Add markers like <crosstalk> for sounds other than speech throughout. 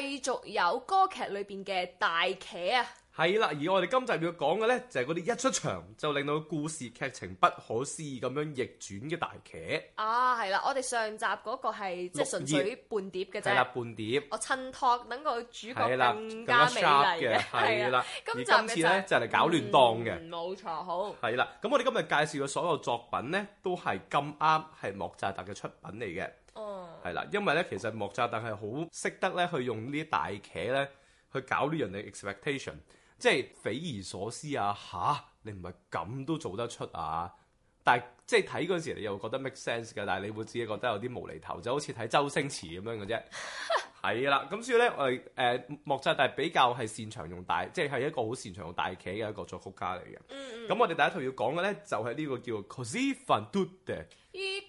繼續有歌劇裏邊嘅大茄啊，係啦，而我哋今集要講嘅呢，就係嗰啲一出場就令到故事劇情不可思議咁樣逆轉嘅大茄啊，係啦，我哋上集嗰個係即係純粹半碟嘅啫，係啦，半碟，我襯托等個主角更加，更加美麗嘅，係 <laughs> 啦，今，的就是、而今次呢就嚟、是、搞亂檔嘅，冇、嗯、錯，好，係啦，咁我哋今日介紹嘅所有作品呢，都係咁啱係莫扎特嘅出品嚟嘅。哦，係啦，因為咧其實莫扎特係好識得咧去用這些茄，呢啲大茄咧去搞呢人哋 expectation，即係匪夷所思啊吓，你唔係咁都做得出啊！但係即係睇嗰陣時你又覺得 make sense 㗎，但係你會自己覺得有啲無厘頭，就好似睇周星馳咁樣嘅啫。係 <laughs> 啦，咁所以咧我誒、呃、莫扎特比較係擅長用大，即係係一個好擅長用大茄嘅一個作曲家嚟嘅。咁、mm-hmm. 我哋第一套要講嘅咧就係、是、呢個叫 Così fan tutte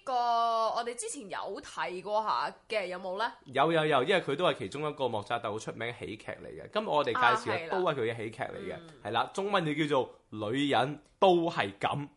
個我哋之前有睇過一下嘅，有冇呢？有有有，因為佢都係其中一個莫扎特好出名嘅喜劇嚟嘅。今日我哋介紹、啊、都係佢嘅喜劇嚟嘅，係、嗯、啦。中文嘢叫做《女人都係咁》，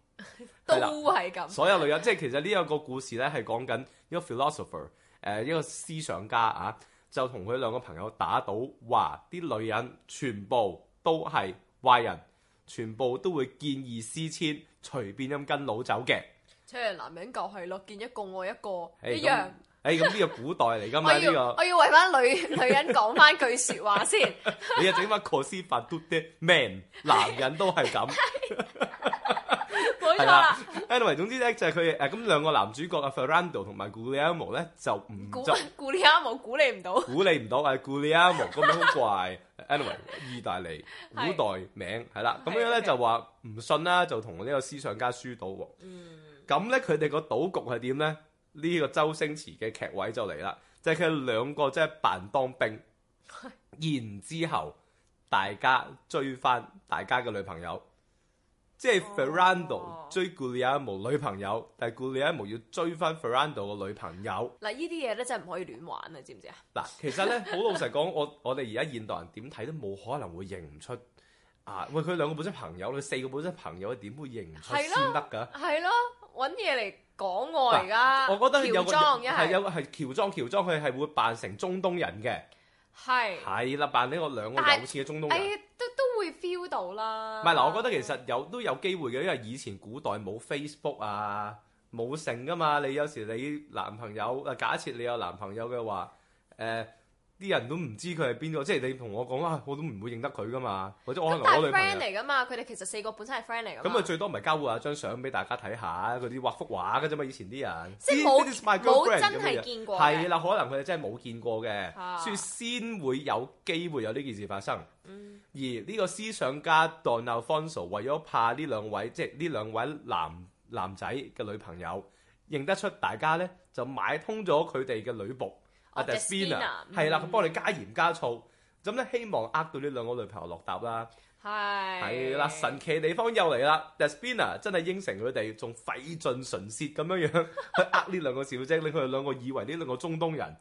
都係咁。所有女人即係其實呢個個故事呢係講緊一個 philosopher，誒、呃、一個思想家啊，就同佢兩個朋友打賭，話啲女人全部都係壞人，全部都會見異思遷，隨便咁跟佬走嘅。即係男人就係咯，見一個愛一個，一樣。誒、hey，咁呢個古代嚟噶嘛？呢、這個我要為翻女女人講翻句說話先 <laughs> 。你又整翻 c o s p 啲 man， <laughs> 男人都係咁。冇錯 <laughs> 啦 <laughs> ，anyway，總之咧就係佢誒，咁兩個男主角阿、啊、Ferrando 同埋 Guglielmo 咧就唔估。Guglielmo 估你唔到。估你唔到啊 Guglielmo 個名好怪。anyway，意大利古代名係啦，咁樣咧就話唔信啦，就同呢個思想家輸到。嗯咁咧，佢哋個賭局係點咧？呢、這個周星馳嘅劇位就嚟啦，就係、是、佢兩個即係扮當兵， <laughs> 然之後大家追翻大家嘅女朋友，即、就、係、是、Ferrando 追 Guglielmo 女朋友，但係 Guglielmo 要追翻 Ferrando 個女朋友。嗱，呢啲嘢咧真係唔可以亂玩啊！知唔知啊？嗱， <laughs> 其實咧好老實講，我我哋而家現代人點睇都冇可能會認唔出啊！喂，佢兩個本身朋友，佢四個本身朋友，點會認唔出先得㗎？係咯。揾嘢嚟講我而家，我覺得喬裝一係有個係喬裝喬裝，佢係會扮成中東人嘅，係係啦，扮呢個兩個有錢嘅中東人，哎、都都會 feel 到啦。唔係嗱，我覺得其實有都有機會嘅，因為以前古代冇 Facebook 啊，冇性噶嘛。你有時你男朋友，啊假設你有男朋友嘅話，呃啲人都唔知佢係邊個，即係你同我講啦、啊，我都唔會認得佢噶嘛。或者我可能我女朋友嚟噶嘛，佢哋其實四個本身係 friend 嚟。咁啊，最多咪交換下張相俾大家睇下，嗰啲畫幅畫㗎啫嘛。以前啲人即係冇真係見過。係啦，可能佢哋真係冇見過嘅、啊，所以先會有機會有呢件事發生。嗯、而呢個思想家 Donal Fonsal 為咗怕呢兩位，即係呢兩位男男仔嘅女朋友認得出大家咧，就買通咗佢哋嘅女僕。阿、oh, Despina 係、哦、啦，佢、嗯、幫你加鹽加醋，咁咧，希望呃到呢兩個女朋友落答啦。係係啦，神奇嘅地方又嚟啦！Despina 真係應承佢哋，仲費盡唇舌咁樣樣去呃呢兩個小姐，令佢哋兩個以為呢兩個中東人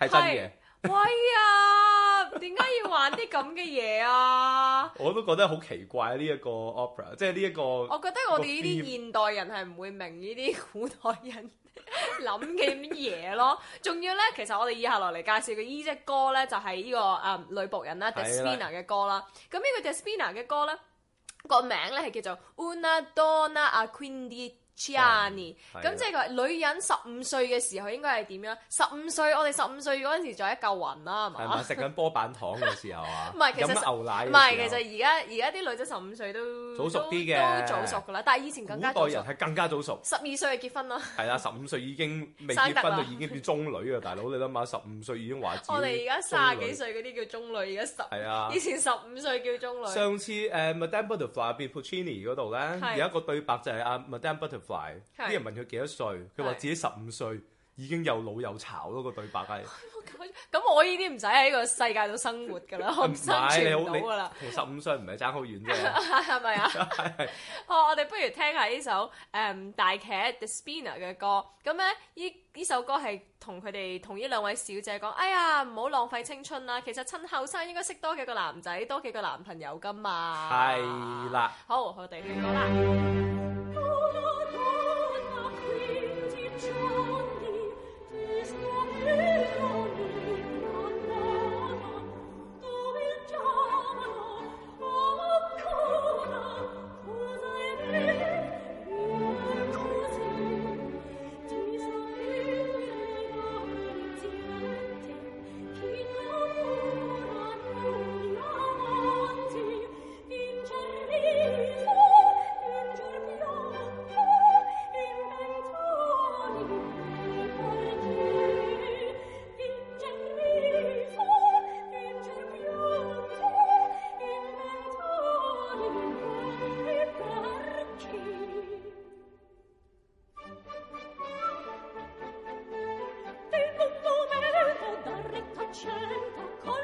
係真嘅。 <laughs> 喂啊，點解要玩啲咁嘅嘢啊？我都覺得好奇怪呢、啊、一、呢個 opera，即係呢一個。我覺得我哋呢啲現代人係唔會明呢啲古代人諗嘅嘢咯，仲要咧，其實我哋以下落嚟介紹嘅依隻歌咧，就係、是這個呃、 <music> <music> 呢個誒女僕人啦，Despina 嘅歌啦。咁 <music> 呢個 Despina 嘅歌咧，個名咧係叫做 Una Donna a Quindi。Chiarini，咁即係佢話女人十五歲嘅時候應該係點樣？十五歲，我哋十五歲嗰陣時就係一嚿雲啦，係嘛？食緊波板糖嘅時候啊！唔係其實，飲牛奶嘅時候。唔係其實，而家而家啲女仔十五歲都早熟啲嘅，都早熟噶啦。但係以前古代人係更加早熟。十二歲就結婚咯。係啦，十五歲已經未結婚就已經變中女啊！大佬你諗下，十五歲已經話我哋而家卅幾歲嗰啲叫中女，而家十，係啊，以前十五歲叫中女。上次誒 Madame Butterfly 變 Puccini 嗰度咧，有一個對白就係阿 Madame Butterfly。快！啲人問佢幾多歲，佢話自己十五歲已經又老又巢咯。個對白係咁， <laughs> 我已經唔使喺呢個世界度生活噶啦、 <laughs> 嗯，我唔生存到噶啦。同十五歲唔係爭好遠啫，係咪啊？哦， <laughs> <laughs> <laughs> 我哋不如聽下呢首誒、嗯、大劇 Disco 嘅歌。咁咧，依依首歌係同佢哋同呢兩位小姐講：哎呀，唔好浪費青春啦！其實趁後生應該識多幾個男仔，多幾個男朋友噶嘛。係啦，好，我哋聽過啦。全都空。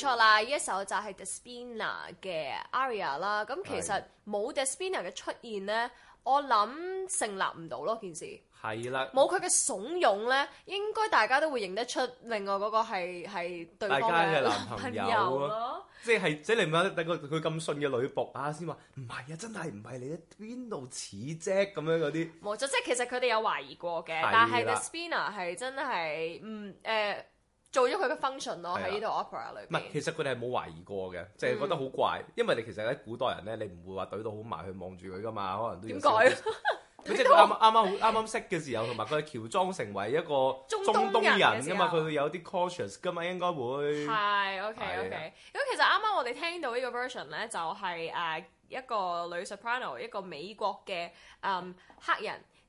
錯啦，呢一首就係 Despina 嘅 Aria 啦。咁其實冇 Despina 嘅出現咧，我諗成立唔到咯，件事係啦。冇佢嘅慫恿咧，應該大家都會認得出另外嗰個係係對方嘅男朋友咯。即係即係你問第個佢咁信嘅女僕啊，先話唔係啊，真係唔係你，邊度似啫咁樣嗰啲。冇咗，即係其實佢哋有懷疑過嘅，但係 Despina 係真係唔誒。嗯呃做咗佢嘅 function 咯，喺呢度 opera 裏邊。唔係，其實佢哋係冇懷疑過嘅，淨、嗯、係覺得好怪。因為你其實喺古代人咧，你唔會話懟到好埋去望住佢噶嘛，可能都要。點解？咁即係啱啱啱啱識嘅時候，同埋佢係喬裝成為一個中東人嘅嘛，佢會有啲 cautious 嘅嘛，應該會。係，OK、啊、OK。咁其實啱啱我哋聽到這個呢個 version 咧，就係、是、誒、啊、一個女 soprano，一個美國嘅誒、嗯、黑人。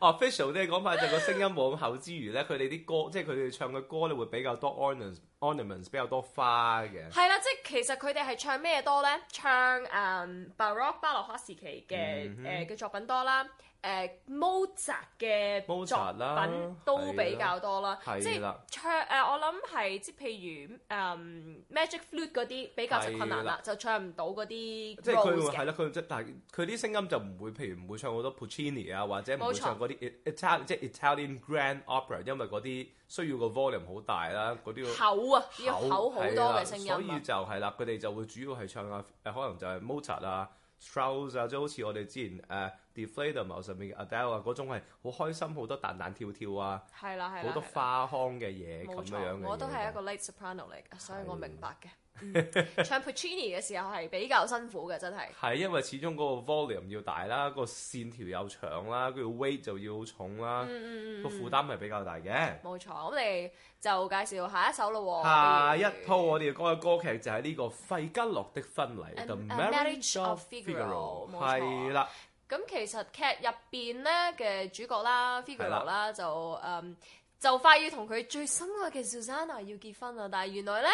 official <laughs> 咧、哦、講法，就個聲音冇咁厚之餘咧，佢哋啲歌即係佢哋唱嘅歌咧會比較多 ornaments，ornaments 比較多花嘅。係、嗯嗯呃、啦，即係其實佢哋係唱咩多咧？唱誒巴洛克時期嘅誒嘅作品多啦，m 誒莫扎嘅作品都比較多啦。即係唱誒、呃、我諗係即係譬如、嗯、Magic Flute 嗰啲比較就困難啦，就唱唔到嗰啲即係佢係啦，佢即係但係佢啲聲音就唔會譬如唔會唱好多 Puccini 啊或者。舞台上嗰啲 Ital 即 Italian Grand Opera，因為嗰啲需要個 volume 好大啦，嗰啲厚啊，要厚好多嘅聲音啊。所以就係啦，佢哋就會主要係唱啊，誒可能就係 Mozart 啊、Strauss 啊，即好似我哋之前誒 Die Fledermaus 上面嘅 Adele 啊嗰種係好開心，好多彈彈跳跳啊，係啦係啦，好多花腔嘅嘢咁樣嘅。我都係一個 Light Soprano 嚟嘅，所以我明白嘅。 <laughs> 唱 Puccini 嘅時候係比較辛苦嘅，真係。 <laughs> 係因為始終嗰個 volume 要大啦，個線條又長啦，佢、那、住、個、weight 就要重啦，嗯嗯嗯嗯嗯個負擔係比較大嘅。冇錯，咁我哋就介紹下一首咯。下一套我哋嘅歌嘅歌劇就係呢、這個《費加洛的婚禮》The Marriage of Figaro，係啦。咁、嗯嗯嗯嗯、其實劇入邊咧嘅主角啦，Figaro 啦，就誒、嗯、就快要同佢最深愛嘅 Susanna 要結婚啦，但係原來咧。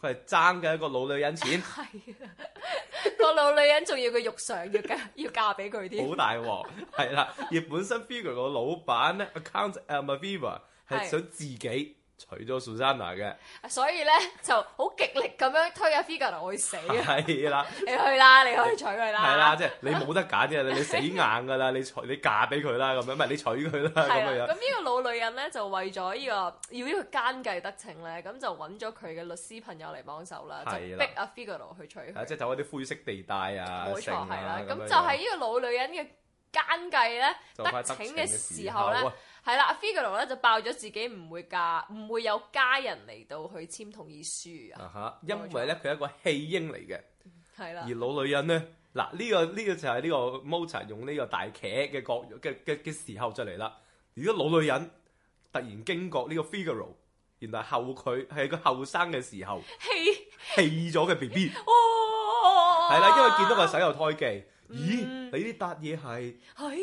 佢係爭緊一個老女人錢，係個老女人仲要佢肉償，要嫁，要嫁俾佢啲，好大鑊，係啦。而本身 figure 個老闆咧，account 誒 Maviva 係想自己。娶咗 Susanna 嘅，所以咧就好極力咁樣推阿 Figaro 去死啊！係啦，你去啦，你可以娶佢啦。係啦，即係你冇得揀，即係，你死硬噶啦，你娶你嫁俾佢啦，咁樣唔係你娶佢啦。咁呢個老女人咧就為咗呢、呢個要呢個奸計得逞咧，咁就揾咗佢嘅律師朋友嚟幫手啦，就逼阿 Figaro 去娶佢。即係走一啲灰色地帶啊！冇錯，係啦、啊，咁就係呢個老女人嘅。奸計咧，得逞嘅時候咧，係啦，阿 figaro 咧就爆咗自己唔會嫁，唔會有家人嚟到去簽同意書啊！吓，因為咧佢係一個棄嬰嚟嘅，係啦。而老女人咧，嗱、啊、呢、這個呢、這個就係呢個 Mozart 用呢個大茄嘅角嘅嘅嘅時候就嚟啦。如果老女人突然驚覺呢個 figaro 原來後佢係一個後生嘅時候棄棄咗嘅 B B，係啦，因為見到個洗油胎記。嗯、咦？你呢笪嘢係係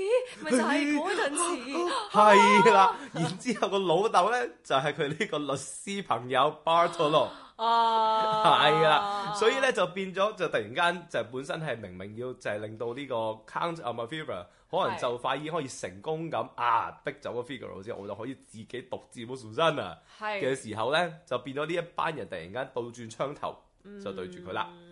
咪睇嗰陣時？係啦，啊啊，然之後個老豆咧就係佢呢個律師朋友 Bartolo，啊。哦，係、啊、啦，所以咧就變咗，就突然間就本身係明明要就係令到呢個 Count Almaviva 可能就快已經可以成功咁啊，逼走個 Figaro 之後，我就可以自己獨自保全身啊。係嘅時候咧，就變咗呢一班人突然間倒轉槍頭，就對住佢啦。嗯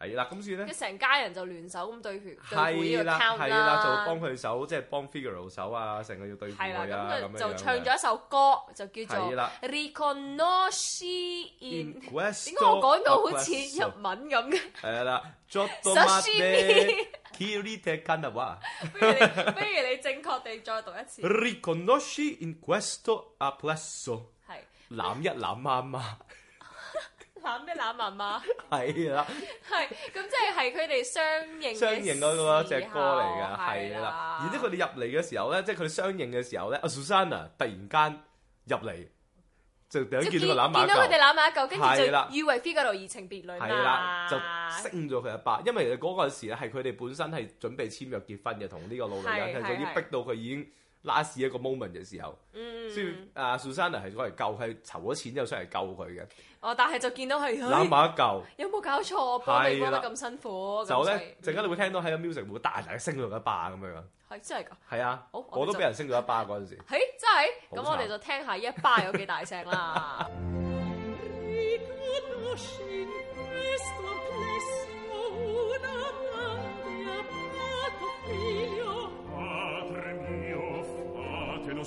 係啦，咁所以咧，成家人就聯手咁對血，對呢個 account 啦。係啦，就幫佢手，即係幫 Figaro 手啊，成個要對位啊，咁樣樣。就唱咗一首歌，就叫做《Riconosci in questo amplesso》。點解我講到好似日文咁嘅？係啦，Jocasie，不如你，不如你正確地再讀一次。Riconosci in questo amplesso，攬一攬阿媽。攬咩攬媽媽？係 <laughs> 啦是的，係咁即係係佢哋相認嗰隻歌嚟㗎，係啦。然之後佢哋入嚟嘅時候咧，即係佢哋相認嘅時候咧，阿蘇珊娜，突然間入嚟就突然見，見到攬埋一嚿，跟住就以為移情別戀，係啦，就升咗佢一巴，因為其實嗰個時咧係佢哋本身係準備簽約結婚嘅，同呢個老女人就已經逼到佢已經 last 一個 moment 嘅時候。阿 Susanna 係攞嚟救，係籌咗錢之後上嚟救佢嘅。哦，但係就見到係攬埋一嚿。有冇搞錯？幫你幫得咁辛苦。就咧，陣間你會聽到喺個 music 會大大聲咗一巴咁樣。係真係㗎。係啊，我都俾人聲咗一巴嗰陣時。嘿、 <laughs> 欸，真係？咁我哋就聽下一巴有幾大聲啦。 <laughs>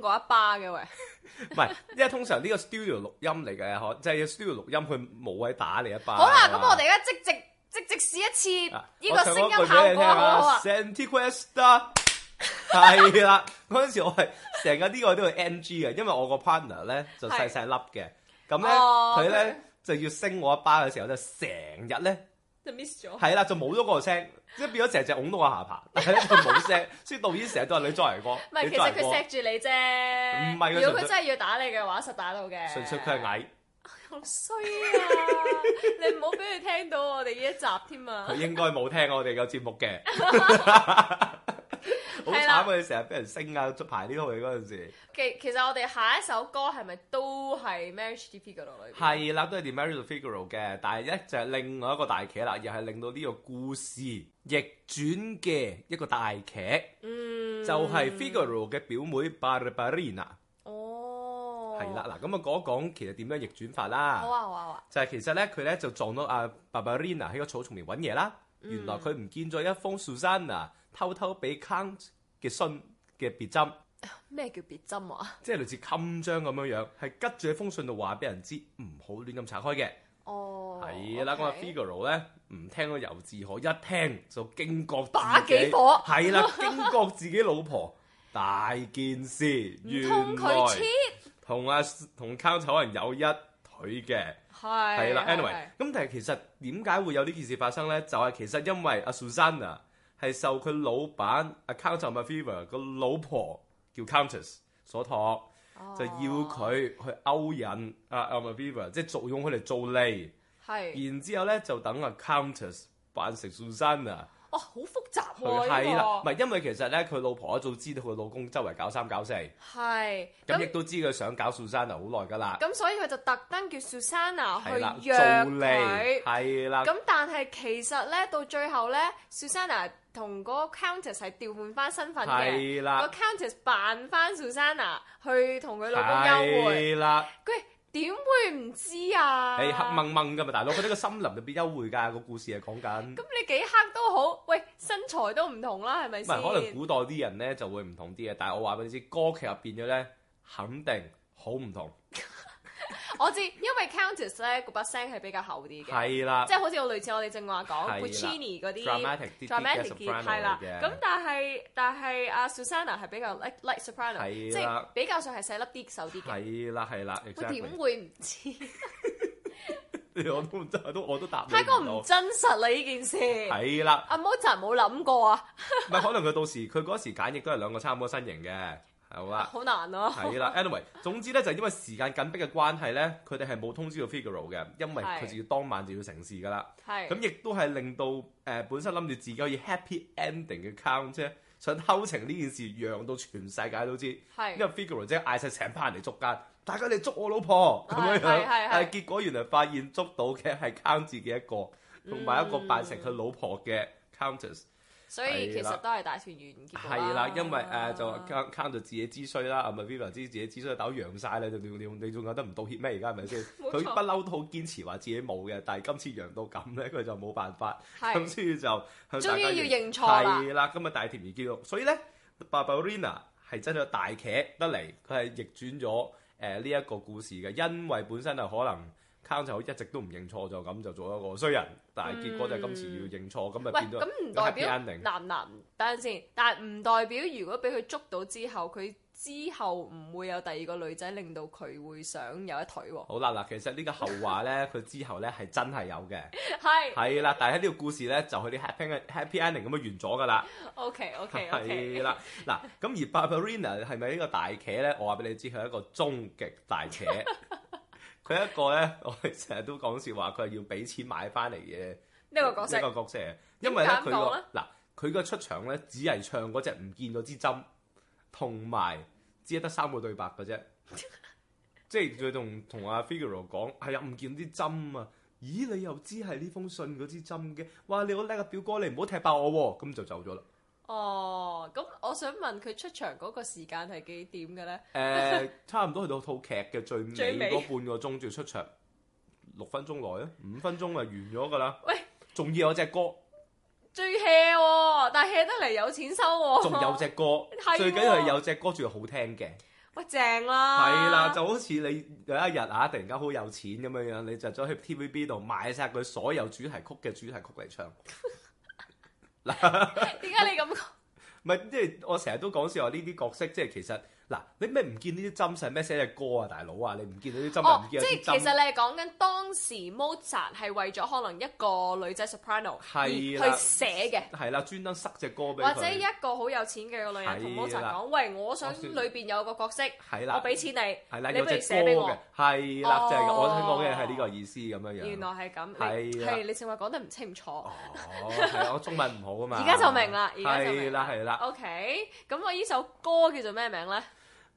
過一巴嘅喂，唔係，因為通常呢個 studio 錄音嚟嘅，可就係、是、studio 錄音，佢冇位打你一巴啊。好啦，咁我哋而家即直即直試一次呢個聲音效果啊。Santiquesta，係啦，嗰陣 <laughs> <laughs> 時我係成日呢個都係 NG 嘅，因為我個 partner 咧就細細粒嘅，咁咧佢咧就要升我一巴嘅時候就成日咧。就 miss 咗，係啦，就冇咗個聲，即係變咗成隻拱到個下巴，但係咧就冇聲， <laughs> 所以導演成日都話 <laughs> 你再嚟過，唔係其實佢錫住你啫。唔係，如果佢真係要打你嘅話，實打到嘅。純粹佢係矮，好衰啊！你唔好俾佢聽到我哋呢一集添啊！佢應該冇聽我哋個節目嘅。 <laughs> <laughs> 好慘啊！佢成日俾人升啊，出牌呢套嘢嗰陣時。其其實我哋下一首歌係咪都係《Marriage of Figaro》？係啦，都係《The Marriage of Figaro》嘅，但係咧就係、是、另外一個大劇啦，又係令到呢個故事逆轉嘅一個大劇。嗯。就係、是《Figaro》嘅表妹 Barbarina。哦。係啦，嗱咁啊講一講其實點樣逆轉法啦。好、哦、啊，好、哦、啊，好、哦。就係、是、其實咧，佢咧就撞到啊 Barbarina 喺個草叢裡揾嘢啦、嗯。原來佢唔見咗一封 Susanna 啊，偷偷俾 Count 嘅信嘅別針，咩叫別針啊？即係類似襟章咁樣，係吉住喺封信度話俾人知，唔好亂咁拆開嘅。哦、oh，係、okay? 啦。咁啊，Figaro 咧唔聽個尤志可，一聽就驚覺打幾火，係啦，驚覺自己老婆 <laughs> 大件事。原來同佢黐，同阿同 Count 可能有一腿嘅，係係啦。anyway，咁但係其實點解會有呢件事發生咧？就係、是、其實因為阿 Susanna 啊。係受佢老闆 accountant McFever 個老婆叫 Countess 所託，oh. 就要佢去勾引 accou、uh, nt、uh, ant McFever 即係做用佢嚟做利。然之後咧就等 accountess 扮成 Susanna、oh, 啊，哦，好複雜喎呢個。唔係因為其實咧佢老婆一早知道佢老公周圍搞三搞四，係。咁亦、嗯、都知佢想搞 Susanna 啊，好耐㗎啦。咁所以佢就特登叫 Susanna 啊去做利，係啦。咁但係其實咧到最後咧，Susanna 啊。Susanna 同嗰個 countess 係調換翻身份嘅，個 countess 扮翻 Susanna 去同佢老公幽會啦。佢點會唔知啊？係、哎、黑掹掹㗎嘛，大佬，我覺得個森林入邊幽會㗎？ <laughs> 個故事係講緊。咁你幾黑都好，喂，身材都唔同啦，係咪先？可能古代啲人咧就會唔同啲嘅，但係我話俾你知，歌劇入邊咗咧，肯定好唔同。 <laughs> 我知，因為 Countess 咧個把聲係比較厚啲嘅，係啦，即係好似有類似我哋正話講 Puccini 嗰啲 dramatic 啲，係啦，咁但係但係阿 Susanna 係比較 like like soprano，即係比較上係細粒啲、瘦啲嘅，係啦係啦，佢點會唔知？我都都我都答唔到，太過唔真實啦呢件事，係啦，阿 Mozart 冇諗過啊，唔係可能佢到時佢嗰時揀亦都係兩個差唔多身形嘅。好啦，好、啊、難咯、啊。係啦，anyway， <laughs> 總之咧就係、因為時間緊迫嘅關係咧，佢哋係冇通知到 Figaro 嘅，因為佢自己當晚就要成事㗎啦。係。咁亦都係令到、呃、本身諗住自己可以 happy ending 嘅 count 姐想偷情呢件事讓到全世界都知，因為 Figaro 即係嗌晒成班人嚟捉奸，大家嚟捉我老婆咁樣樣，係結果原來發現捉到嘅係 count 自己一個，同埋一個扮成佢老婆嘅 countess、嗯。嗯。所以其實都係打算軟結啦。係啦，因為誒就 c o u n 自己知衰啦，阿咪 Viva 知自己知衰，但係我揚曬咧，你仲你仲覺得唔道歉咩？而家係咪先？佢不嬲都好堅持話自己冇嘅，但係今次揚到咁咧，佢就冇辦法，咁所以就終於要認錯啦。係啦，今日大團圓結局咯。所以咧，Barbara 係真係大茄得嚟，佢係逆轉咗誒呢一個故事嘅，因為本身就可能。卡就好一直都唔認錯，就咁就做一個衰人，但係結果就係今次要認錯咁、嗯、就變咗咁唔代表，男男等陣先，但係唔代表如果俾佢捉到之後，佢之後唔會有第二個女仔令到佢會想有一腿喎。好啦，嗱，其實呢個後話咧，佢 <laughs> 之後咧係真係有嘅，係係啦。但係呢個故事咧就係啲 happy happy ending 咁樣完咗㗎啦。OK OK OK 係啦，嗱咁而 Barbarina 係咪呢個大茄咧？我話俾你知，佢係一個終極大茄。 <laughs> 佢一個咧，我哋成日都講笑話，佢係要俾錢買翻嚟嘅。呢個角色，呢個角色，因為咧佢嗱佢個出場咧，只係唱嗰隻唔見咗支針，同埋只係得三個對白嘅啫。即係佢同同阿 Figaro 講：哎「係啊，唔見啲針啊，咦你又知係呢封信嗰支針嘅？哇你好叻啊表哥，你唔好踢爆我喎，咁就走咗啦。哦，咁我想問佢出場嗰個時間係幾點嘅咧？誒、呃，差唔多去到套劇嘅 <laughs> 最尾個半個鐘，仲要出場六分鐘內啊，五分鐘咪完咗噶啦。喂，仲要有隻歌，最 hea 喎，但 hea 得嚟有錢收喎。仲有隻歌，最緊要係有隻歌仲要好聽嘅，喂正啦。係啦，就好似你有一日啊，突然間好有錢咁樣樣，你就走去 TVB 度買曬佢所有主題曲嘅主題曲嚟唱。 <laughs> 點 <laughs> 解你咁講？唔係，即係我成日都講笑話，呢啲角色即係其實。嗱，你咩唔見呢啲針使咩寫隻歌啊，大佬啊！你唔見呢啲針唔、哦、即係其實你係講緊當時 Mozart 係為咗可能一個女仔 soprano 而去寫嘅。係啦，專登塞隻歌俾佢。或者一個好有錢嘅女人同 Mozart 講，喂，我想裏面有個角色，我俾錢你，你咪寫俾我。係啦，即係、哦就係、我聽講嘅係呢個意思咁樣樣。原來係咁。係，你成日講得唔清唔楚。哦， <laughs> 我中文唔好啊嘛。而家就明啦。係啦，係啦。OK，咁我呢首歌叫做咩名咧？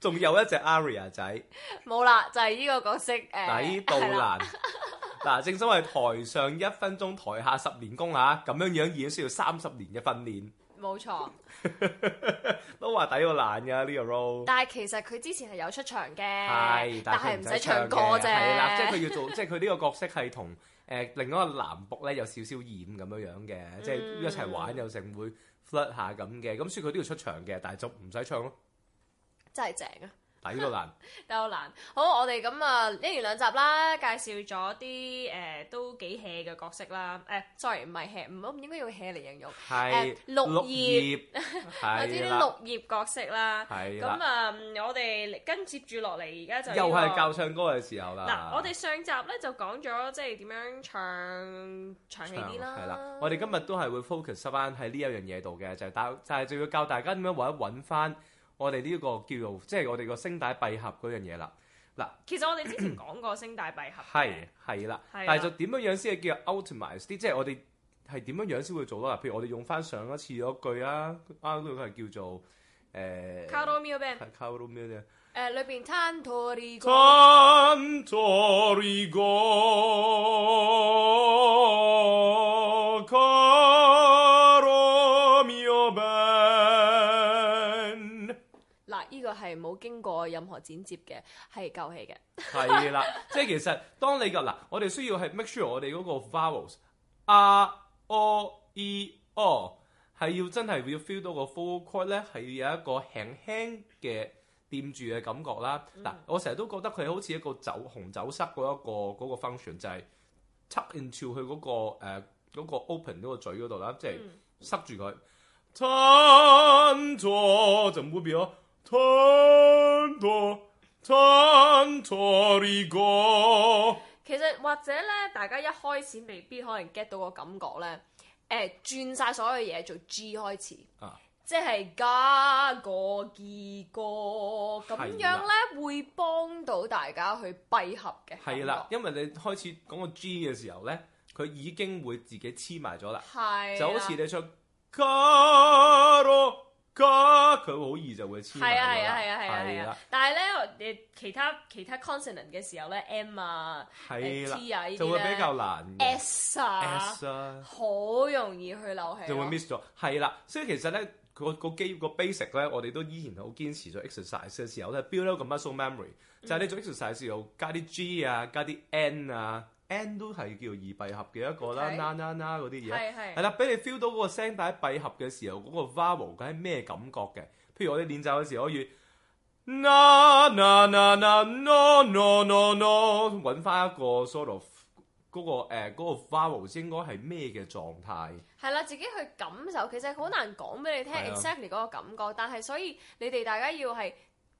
仲有一隻 Aria 仔，冇啦，就係、是、呢個角色誒，抵、呃、到難。嗱， <laughs> 正所謂台上一分鐘，台下十年功嚇，咁樣樣演需要三十年嘅訓練。冇錯， <laughs> 都話抵到難噶呢、這個 role。但係其實佢之前係有出場嘅，係，但係唔使唱歌啫。係啦，即係佢要做，即係佢呢個角色係同誒另一個男僕咧有少少染咁樣的、嗯就是、樣嘅，即係一齊玩又成會 flirt 下咁嘅，咁所以佢都要出場嘅，但係就唔使唱咯。真係正啊！抵到難，抵到難。好，我哋咁啊，一完兩集啦，介紹咗啲誒都幾 hea 嘅角色啦。誒，sorry 唔係 hea，唔，我唔應該用 hea 嚟形容。係綠葉，有啲啲綠葉角色啦。係啦。咁啊，我哋跟接住落嚟，而家就又係教唱歌嘅時候啦。嗱，我哋上集咧就講咗即係點樣唱長氣啲啦。係啦，我哋今日都係會 focus 翻喺呢一樣嘢度嘅，就係打，就係仲要教大家點樣揾一揾翻。我哋呢個叫做，即係我哋個聲帶閉合嗰樣嘢啦。嗱，其實我哋之前講過聲帶閉合，係係啦。但係就點樣樣先係叫做 optimize 啲，即係我哋係點樣樣先會做到。譬如我哋用翻上一次嗰句啊，啱啱嗰個係叫做誒。Caro mio ben。Caro mio ben。誒，裏邊 Tanto rigore。冇經過任何剪接嘅係舊氣嘅，係啦 <laughs> ，即係其實當你個嗱，我哋需要係 make sure 我哋嗰個 vowels r <laughs> o、啊、e o、哦、係、哦、要真係要 feel 到個 full chord 咧，係要有一個輕輕嘅掂住嘅感覺、嗯、啦。嗱，我成日都覺得佢好似一個酒紅酒塞嗰一個嗰、那個 function 就係、是、插 into 佢嗰、那個誒、呃那個、open 嗰個嘴嗰度啦，即、就、係、是、塞住佢。餐、嗯、桌就唔會變咯。其實或者呢大家一開始未必可能 get 到個感覺咧。誒、呃，轉晒所有嘢，做 G 開始，啊，即係加個 G 歌，咁樣呢會幫到大家去閉合嘅。係啦，因為你開始講個 G 嘅時候呢，佢已經會自己黐埋咗啦，係就好似你唱嗰佢好易就會黐埋，係啊，係啊，係啊，係啊，係啊，啊，啊！但係咧，誒其他其他 consonant 嘅時候咧，M 啊，T 啊，啊，就會比較難。S 啊，s 啊，好、啊、容易去漏氣，就會 miss 咗。係啦、啊，所以其實咧，個個基個 basic 咧，我哋都依然好堅持咗 exercise 嘅時候咧、就是、，build up 個 muscle memory。就係你做 exercise 嘅時候，加啲 G 啊，加啲 N 啊。N 都係叫二閉合嘅一個啦，na na na 嗰啲嘢，係啦，俾你 feel 到嗰個聲帶閉合嘅時候嗰個 vowel 究竟係咩感覺嘅。譬如我哋練習嘅時，可以 na na na na no no no no，揾翻一個 sort of 嗰個誒嗰個 vowel 應該係咩嘅狀態？係啦，自己去感受，其實好難講俾你聽 exactly 嗰個感覺，但係所以你哋大家要係。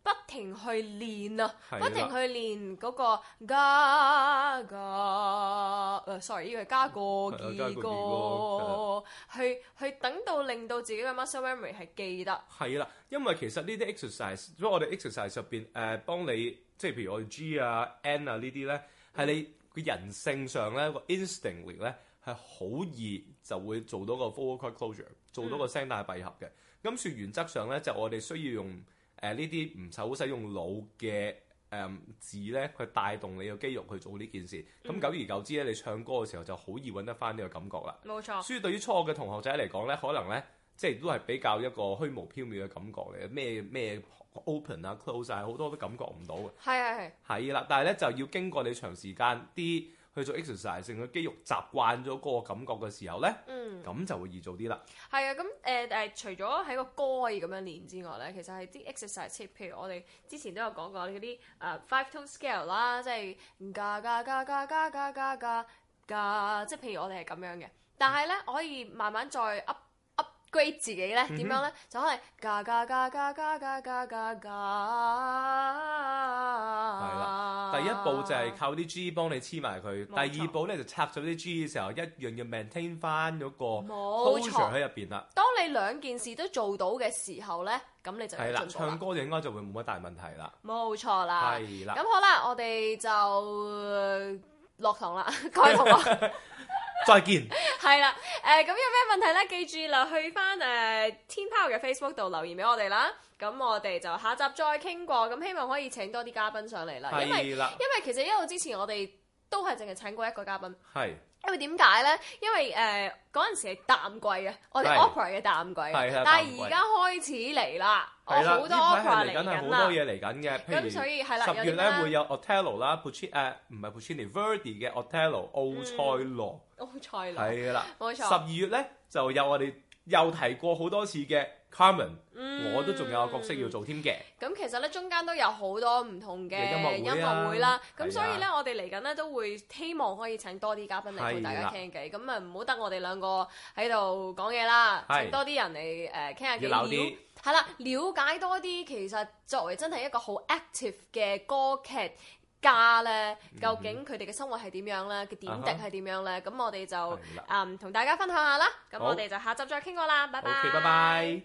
不停去練啊，不停去練嗰個加個，sorry，依個係加個幾個，幾個去去等到令到自己嘅 muscle memory 係記得。係啦，因為其實呢啲 exercise，即係我哋 exercise 入面誒、呃，幫你，即係譬如我哋 G 啊、N 啊呢啲咧，係、嗯、你個人性上咧個 instinct 咧係好易就會做到個 full cord closure，做到個聲帶閉合嘅。咁、嗯、說原則上咧，就我哋需要用。誒呢啲唔使好使用腦嘅字咧，去帶動你嘅肌肉去做呢件事。咁、嗯、久而久之咧，你唱歌嘅時候就好易搵得翻呢個感覺啦。冇錯。所以對於初學嘅同學仔嚟講咧，可能咧即係都係比較一個虛無縹緲嘅感覺嚟嘅，咩咩 open 啊 close 曬、啊、好多都感覺唔到嘅。係係係。係啦，但係咧就要經過你長時間啲。去做 exercise，成個肌肉習慣咗嗰個感覺嘅時候咧，咁、嗯、就會易做啲啦。係啊，咁誒誒，除咗喺個歌可以咁樣練之外咧，其實係啲 exercise，譬如我哋之前都有講過嗰啲啊 five tone scale 啦、就是，即係㗎㗎㗎㗎㗎㗎㗎㗎，即係譬如我哋係咁樣嘅。但係咧，我可以慢慢再 up。歸自己咧，點樣咧，嗯、就可以加加加加加加加加。係啦，第一步就係靠啲 G 幫你黐埋佢，第二步咧就拆咗啲 G 嘅時候，一樣要 maintain 翻嗰個 coherence 喺入邊啦。當你兩件事都做到嘅時候咧，咁你就係啦，唱歌就應該就會冇乜大問題啦。冇錯啦，係啦。咁好啦，我哋就落堂啦，各位同學。 <laughs> 再見 <laughs> 是。係、呃、啦，誒，咁有咩問題呢？記住啦，去翻誒天炮嘅 Facebook 度留言俾我哋啦。咁我哋就下集再傾過。咁希望可以請多啲嘉賓上嚟啦。因為，係啦，因為其實一路之前我哋都係淨係請過一個嘉賓。係。因為點解咧？因為誒嗰陣時係淡季啊，我哋 opera 嘅淡季係但係而家開始嚟啦，我好多 opera 嚟緊啦。係好多嘢嚟緊嘅，譬如十月咧會有 Otello 啦 Puccini 唔係 Puccini Verdi 嘅 Otello 奧賽羅、嗯。奧賽羅係啦，冇錯。十二月咧就有我哋又提過好多次嘅。Carmen、嗯、我都仲有個角色要做添嘅。咁、嗯、其實咧中間都有好多唔同嘅音樂會、啊、音樂會，會啦。咁所以咧我哋嚟緊咧都會希望可以請多啲嘉賓嚟同大家傾偈。咁啊唔好得我哋兩個喺度講嘢啦，請多啲人嚟誒傾下偈。係、呃、啦，了解多啲。其實作為真係一個好 active 嘅歌劇家咧，究竟佢哋嘅生活係點樣咧？嘅、嗯、點滴係點樣咧？咁我哋就啊、嗯、同大家分享一下啦。咁我哋就下集再傾過啦。拜拜，拜、okay, 拜。